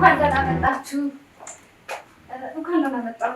እንኳን ደህና መጣችሁ። እንኳን ደህና መጣሁ።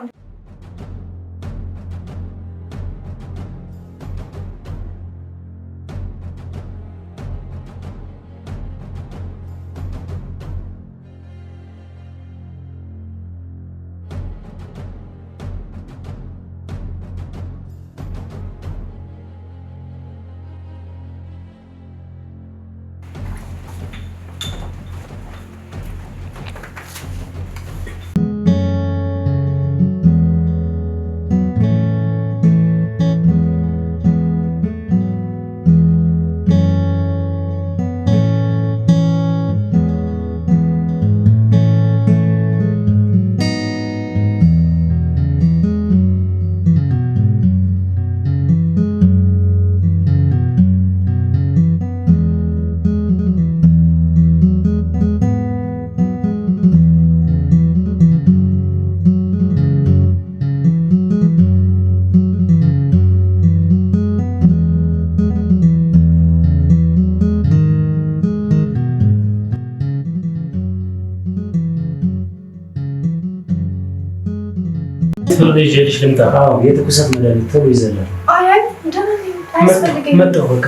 ወደ ይዤልሽ ልምጣ። አዎ የትኩሳት መድኃኒት ተብሎ ይዘላል። መጣሁ በቃ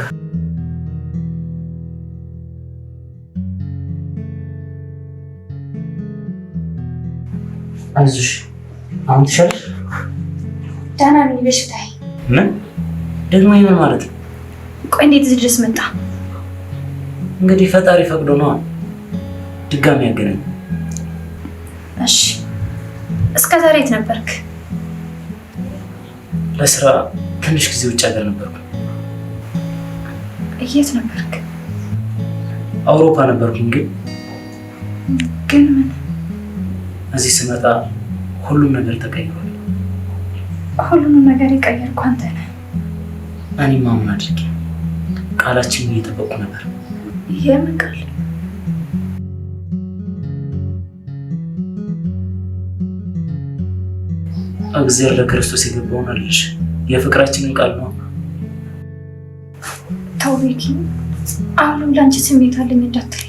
አይዞሽ። አሁን ትሻለሽ? ደህና ነኝ። በሽታዬ ምን ደግሞ ይምን ማለት ነው? ቆይ እንዴት እዚህ ድረስ መጣ? እንግዲህ ፈጣሪ ፈቅዶ ነው ድጋሚ ያገናኝ። እሺ፣ እስከ ዛሬ የት ነበርክ? ለስራ ትንሽ ጊዜ ውጭ ሀገር ነበርኩ። እየት ነበርክ? አውሮፓ ነበርኩኝ። ግን ግን ምን? እዚህ ስመጣ ሁሉም ነገር ተቀይሯል። ሁሉንም ነገር የቀየርኩ አንተ ነህ። እኔ ማምን አድርጌ ቃላችን እየጠበቁ ነበር። የምን ቃል እግዚአብሔር ለክርስቶስ የገባውን አለሽ። የፍቅራችንን ቃል ነው። ተው ቤኪ፣ አሁንም ለአንቺ ስሜት አለኝ እንዳትል።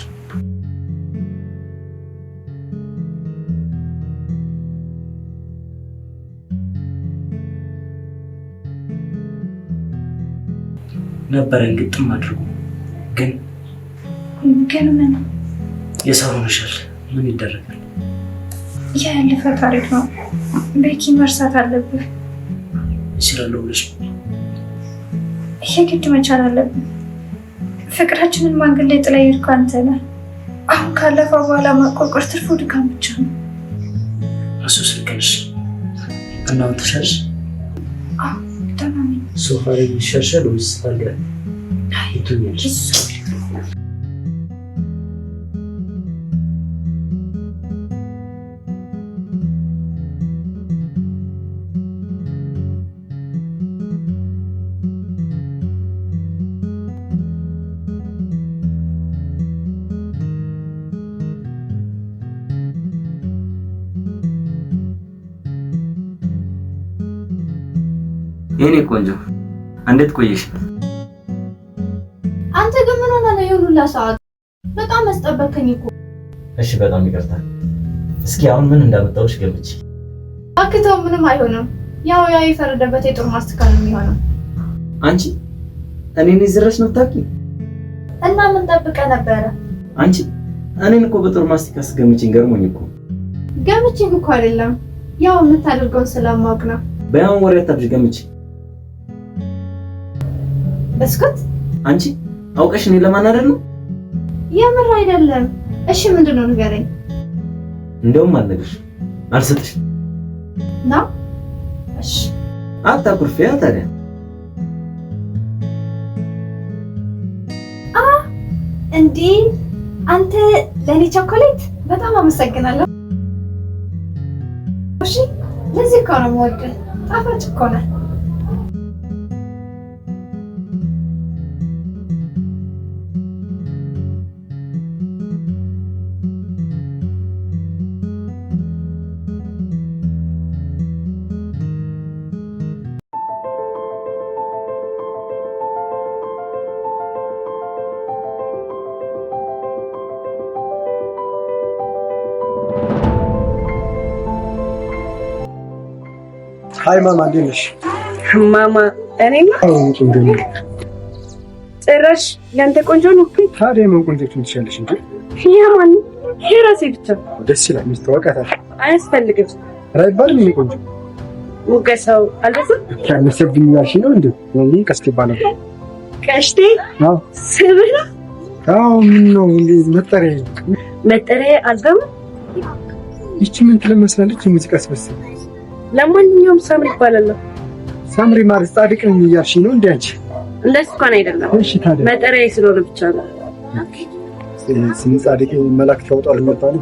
ነበረኝ ግጥም አድርጎ ግን ግን ምን የሰው ሆነሻል። ምን ይደረጋል? ያ ያለፈ ታሪክ ነው። ቤኪ መርሳት አለብን። እችላለሁ ብለሽ የግድ መቻል አለብን። ፍቅራችንን ማንገድ ላይ ጥለህ የሄድከው አንተ ነህ። አሁን ካለፈው በኋላ ማቆርቆር ትርፉ ድካም ብቻ ነው። እሱ ስልክሽ እናንተ ሸርሽ ሶፋ ይሻሻል ወይስ አልጋ? የኔ ቆንጆ እንዴት ቆየሽ? አንተ ግን ምን ሆነ ነው የሁላ ሰዓት? በጣም አስጠበከኝ እኮ። እሺ በጣም ይቀርታል። እስኪ አሁን ምን እንዳመጣውሽ ገምቺ። አክተው ምንም አይሆንም። ያው ያው የፈረደበት የጦር ማስተካከል ነው የሚሆነው። አንቺ እኔን ይዝረሽ ነው የምታውቂው? እና ምን ጠብቀህ ነበረ? አንቺ እኔን እኮ በጦር ማስቲካ ስገምቺኝ ገርሞኝ እኮ ገምቺኝ እኮ አይደለም ያው የምታደርገውን ስለማውቅ ነው። በያን ወሬ አታብዥ ገምቺ በስኩት አንቺ አውቀሽ እኔን ለማናደድ ነው? የምር አይደለም። እሺ ምንድን ነው ንገረኝ። እንደውም አልነግርሽ አልሰጥሽ ና። እሺ አታኩርፊያ ታዲያ። አ እንዴ አንተ ለእኔ ቸኮሌት በጣም አመሰግናለሁ። እሺ ለዚህ እኮ ነው የምወደው። ጣፋጭ እኮ ነህ። አይ ማማ እንዴት ነሽ? ማማ እኔማ ጭራሽ ያንተ ቆንጆ ነው። ታዲያ ምን ቆንጆ ትንትሻለሽ እንዴ? የማን የራሴ ብቻ ደስ ይላል። ሚስት አያስፈልግም። ኧረ አይባልም። ቆንጆ ሙገሳው አልበስም ያነሰብኝ ያልሽ ነው እንዴ? ወንጌ ቀስቴ ይባላል። ቀስቴ? አዎ ስብህ አዎ ምን ነው እንዴ? መጠሪያ መጠሪያ አልበም። ይቺ ምን ትለመስላለች? የሙዚቃ ስብስብ ለማንኛውም ሳምሪ ይባላል። ሳምሪ ማለት ጻድቅ ነኝ እያልሽ ነው እንዴ? አንቺ እንደሱ እንኳን አይደለም። እሺ ታዲያ መጠሪያ ስለሆነ ብቻ ነው። ስም ጻድቅ መላእክት ያወጣል ይመጣል።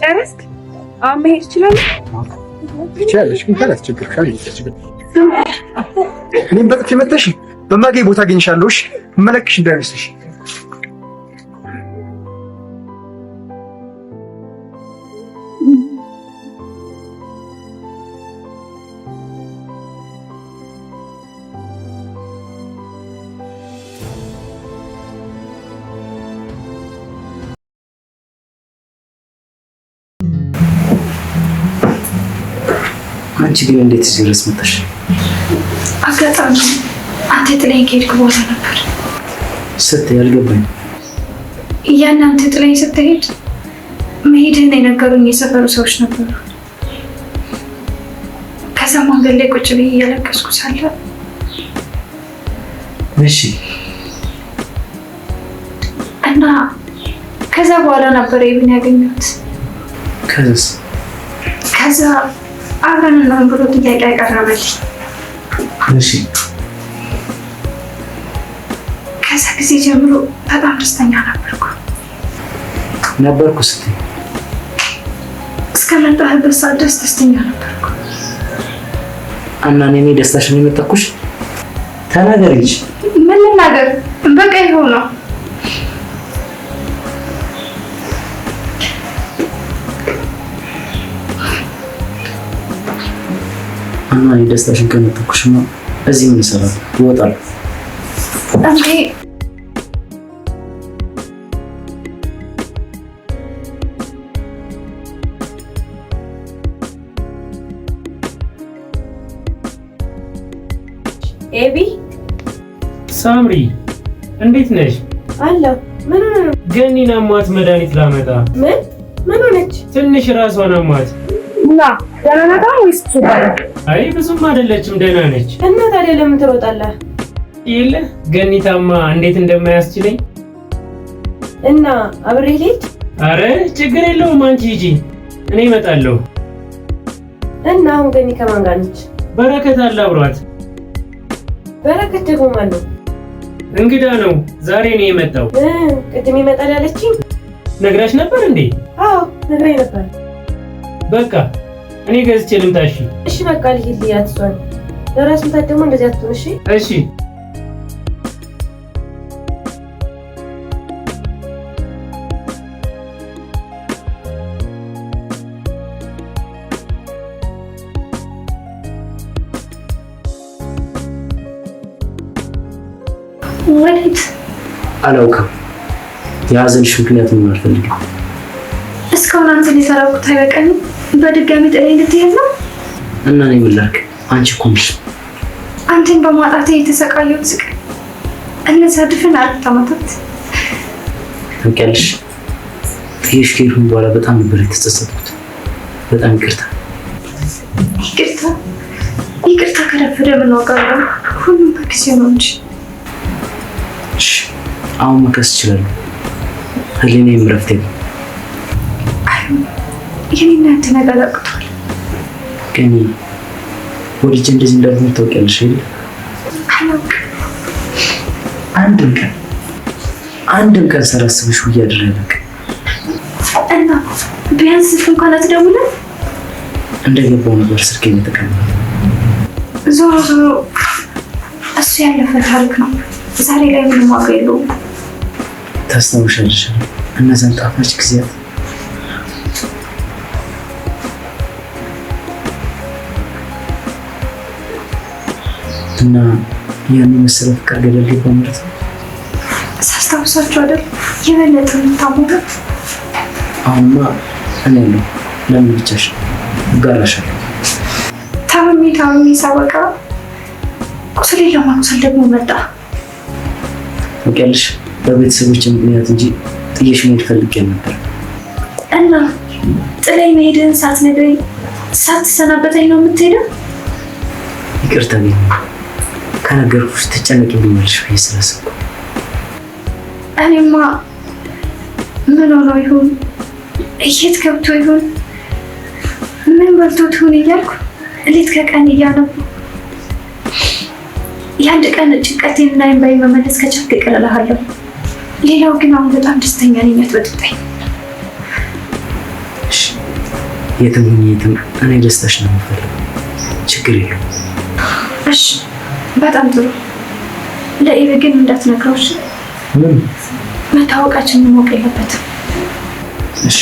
ጨረስክ? አሁን መሄድ እችላለሁ? ትችያለሽ፣ ግን ይችላል። እኔም በጥፊ መተሽ በማገኝ ቦታ አገኝሻለሁ። እሺ መለክሽ እንዳይመስልሽ አንቺ ግን እንዴት እዚህ ድረስ መጣሽ? አጋጣሚ አንተ ጥለኝ ከሄድክ ቦታ ነበር ስትይ አልገባኝ። ያን አንተ ጥለኝ ስትሄድ መሄድህን የነገሩኝ የሰፈሩ ሰዎች ነበሩ። ከዛ መንገድ ላይ ቁጭ ብዬ እያለቀስኩ ሳለ እሺ እና ከዛ በኋላ ነበር ይሄን ያገኘሁት። ከዛ ከዛ አብረን ነው ብሎ ጥያቄ ያቀረበልኝ። እሺ ከዛ ጊዜ ጀምሮ በጣም ደስተኛ ነበርኩ ነበርኩ ስትይ እስከመጣህበት ሰዓት ድረስ ደስተኛ ነበርኩ። እና እኔ ደስታሽን የምጠኩሽ ተናገር እንጂ ምን ልናገር? በቃ ይኸው ነው። እና እኔ ደስታሽን ከነጠኩሽ ነው እዚህ ምን ይሰራል? ትወጣለህ። ኤቢ ሳምሪ፣ እንዴት ነሽ? አለሁ። ምን ሆነ? ገኒን አሟት መድኃኒት ላመጣ። ምን ምን ሆነች? ትንሽ ራሷን አሟት ና ደህና ናት ወይስ አይ ብዙም አይደለችም፣ ደህና ነች። እና ታዲያ ለምን ትሮጣለህ? የለ ገኒታማ እንዴት እንደማያስችለኝ እና አብሬ ልሂድ። አረ ችግር የለውም አንቺ ሂጂ፣ እኔ እመጣለሁ። እና አሁን ገኒ ከማን ጋር ነች? በረከት አለ አብሯት። በረከት ደግሞ ማን ነው? እንግዳ ነው። ዛሬ ነው የመጣው። ቅድም ይመጣል ያለችኝ ነግራሽ ነበር እንዴ? አዎ ነግራኝ ነበር። በቃ እኔ ገዝቼ ልምጣ። እሺ፣ እሺ፣ በቃ ልሂድ። እሷን ለራስ ምታት ደግሞ እንደዚህ አትሆን። እሺ፣ እሺ። ወዴት? አላውቅም። የሀዘንሽ ምክንያት ምን አልፈልግም። እስካሁን አንተን የሰራሁት አይበቃኝም? በድጋሚ ጥሬ እንድትሄድ ነው እና እኔ ምን ላድርግ? አንቺ እኮ ነሽ አንተን በማጣቴ የተሰቃየሁት ስቃይ። እነዚያ ድፍን አራት ዓመታት ታውቂያለሽ፣ ጥዬሽ ከሄድኩኝ በኋላ በጣም ነበር የተጸጸትኩት። በጣም ይቅርታ ይቅርታ ይቅርታ። ከረፈደ ምን ዋጋ አለው? ሁሉም በጊዜው ነው እንጂ። አሁን መከስ ይችላሉ። ህሊናዬም እረፍት የለም። ይህን እናንተ ነገር አቅቷል። ግን ወዲጄ እንደዚህ እንዳልሆነ ታውቂያለሽ አይደል? አንድም ቀን አንድም ቀን ሳላስብሽ ውዬ እና ቢያንስ ስልክ እንኳን አትደውልም? እንደገባው ነበር ስልክ ዞሮ ዞሮ እሱ ያለፈ ታሪክ ነው። ዛሬ ላይ ምንም ዋጋ የለውም። ታስታውሻለሽ እነዛን ጣፋጭ ጊዜያት እና ያን የመሰለ ፍቅር ገደል ሊባ ማለት ነው። ሳስታውሳቸው አይደል የበለጠ የምታሞገብ አሁንማ እኔ ነው ለምን ብቻሽ ጋራሻል ታምሜ ታምሜ ሳበቃ ቁስሌ ለማቁሰል ደግሞ መጣ። ታውቂያለሽ በቤተሰቦች ምክንያት እንጂ ጥየሽ መሄድ ፈልጌ ነበር እና ጥላይ መሄድን ሳትነግረኝ ሳትሰናበተኝ ነው የምትሄደው። ይቅርታ ቢሆን ከነገርኩሽ ትጨነቂብኛለሽ ብዬ ስላሰብኩ እኔማ ምን ሆኖ ይሁን የት ገብቶ ይሁን ምን በልቶ ይሁን እያልኩ ሌት ከቀን እያነቡ የአንድ ቀን ጭንቀቴን እና እንባዬን መመለስ ከቻልክ እቀልልሃለሁ። ሌላው ግን አሁን በጣም ደስተኛ ነኝ። አትበጥብጠኝ። የትም ሁኚ የትም፣ እኔ ደስታሽ ነው የምፈልገው። ችግር የለውም። እሺ በጣም ጥሩ። ለኢቪ ግን እንዳትነግረው ምን መታወቃችን ማወቅ የለበትም። እሺ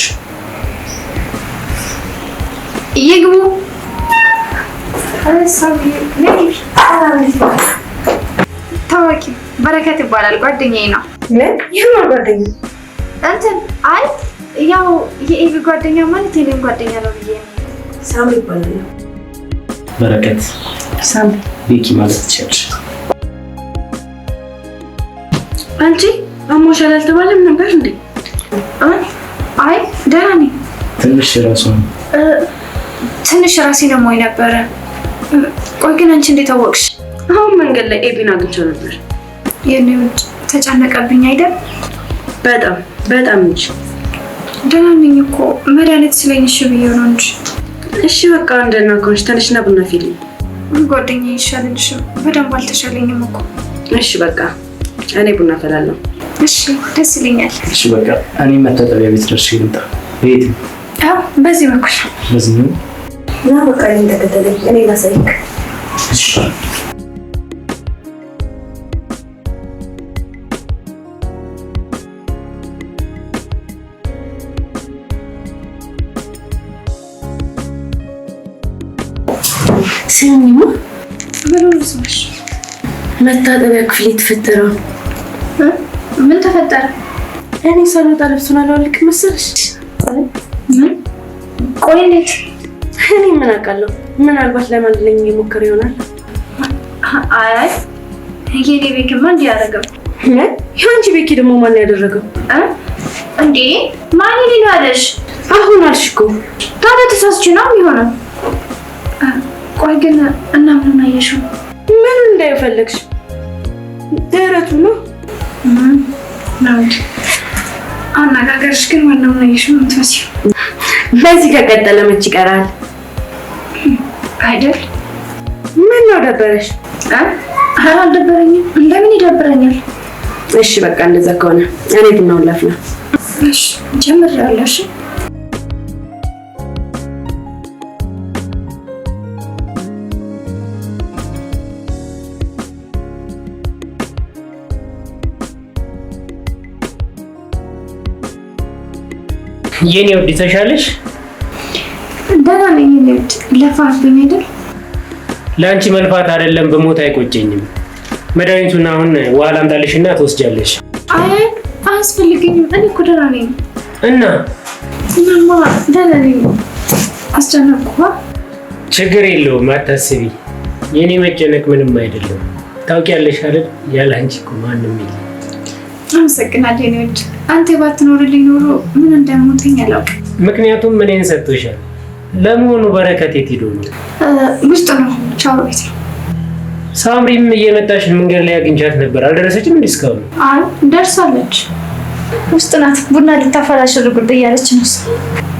ይግቡ። ታዋቂ በረከት ይባላል። ጓደኛዬ ነው። ምን ይህ ጓደኛ እንትን አይ ያው የኢቪ ጓደኛ ማለት የኔም ጓደኛ ነው ብዬ ሳምሪ ይባላል። በረከት ቤኪ ማለት ትችያለሽ። አንቺ አሞሻል አልተባለም ነበር እንዴ? አይ ደህና ነኝ። ትንሽ ራሱ ትንሽ ራሴ ለሞኝ ነበረ። ቆይ ግን አንቺ እንዴት አወቅሽ? አሁን መንገድ ላይ ኤቢን አግኝቼው ነበር። የኔ ውድ ተጨነቀብኝ አይደል? በጣም በጣም እንጂ ደህና ነኝ እኮ መድኃኒት ስለኝ እሺ ብዬ ነው እንጂ። እሺ በቃ እንደናከሆንሽ ተነሽና ቡና ፊልም ጓደኛ ይሻልልሽም። በደንብ አልተሻለኝም እኮ። እሺ በቃ እኔ ቡና ፈላለሁ። እሺ ደስ ይለኛል። እሺ በቃ እኔ መታጠቢያ ቤት ደርሼ ልምጣ። ቤት በዚህ በኩል በዚህ ነው። ና በቃ ተከተለኝ፣ እኔ ላሳይክ። እሺ ስሚማ ብሎዝሽ መታጠቢያ ክፍል የተፈጠረው ምን ተፈጠረ? እኔ ሳልወጣ ልብሱን አላወልቅ መሰለሽ። ምን ቆይ እንዴት? እኔ ምን አውቃለሁ? ምናልባት ለማለኝ የሞከረ ይሆናል። አይ የኔ ቤኪማ እንዲህ ያደረገው የአንቺ ቤኪ ደግሞ ማን ያደረገው እንዴ? ማን ሊሉ ያለሽ? አሁን አልሽ እኮ ታዲያ ተሳስቼ ነው የሚሆነው ቆይ ግን እና ምኑን አየሽው? ምን እንዳይፈለግሽ ደረቱ ነው ናንድ አነጋገርሽ ግን ዋናው አየሽው የምትመስይው። በዚህ ከቀጠለ መች ይቀራል አይደል? ምን ነው ደበረሽ? ኧረ አልደበረኝም። እንደምን ይደብረኛል? እሺ በቃ እንደዛ ከሆነ እኔ ቡናውን ላፍና ጀምሬያለሁ። የኔ ውድ ተሻለሽ? ደህና ነኝ። የኔ ውድ ለፋብኝ አይደል? ለአንቺ መልፋት አይደለም በሞት አይቆጨኝም። መድኃኒቱን አሁን ዋላ እንዳለሽና ትወስጃለሽ። አይ አያስፈልገኝም። እኔ እኮ ደህና ነኝ። እና እናማ ደህና ነኝ። አስጨነቅኩህ። ችግር የለውም አታስቢ። የኔ መጨነቅ ምንም አይደለም። ታውቂያለሽ አይደል? ያለ አንቺ እኮ ማንም የለም አመሰግናለሁ የእኔ ውድ። አንተ ባትኖርልኝ ኖሮ ምን እንደምሞተኝ አላውቅም። ምክንያቱም እኔን ሰጥቶሻል። ለመሆኑ በረከት የት ሄዶ ነው? ውስጥ ነው፣ ቻው ቤት ነው። ሳምሪም እየመጣሽ መንገድ ላይ አግኝቻት ነበር። አልደረሰችም እንዴ እስካሁን? አይ ደርሳለች። ውስጥ ናት። ቡና ልታፈላሽ ርጉድ እያለች ነው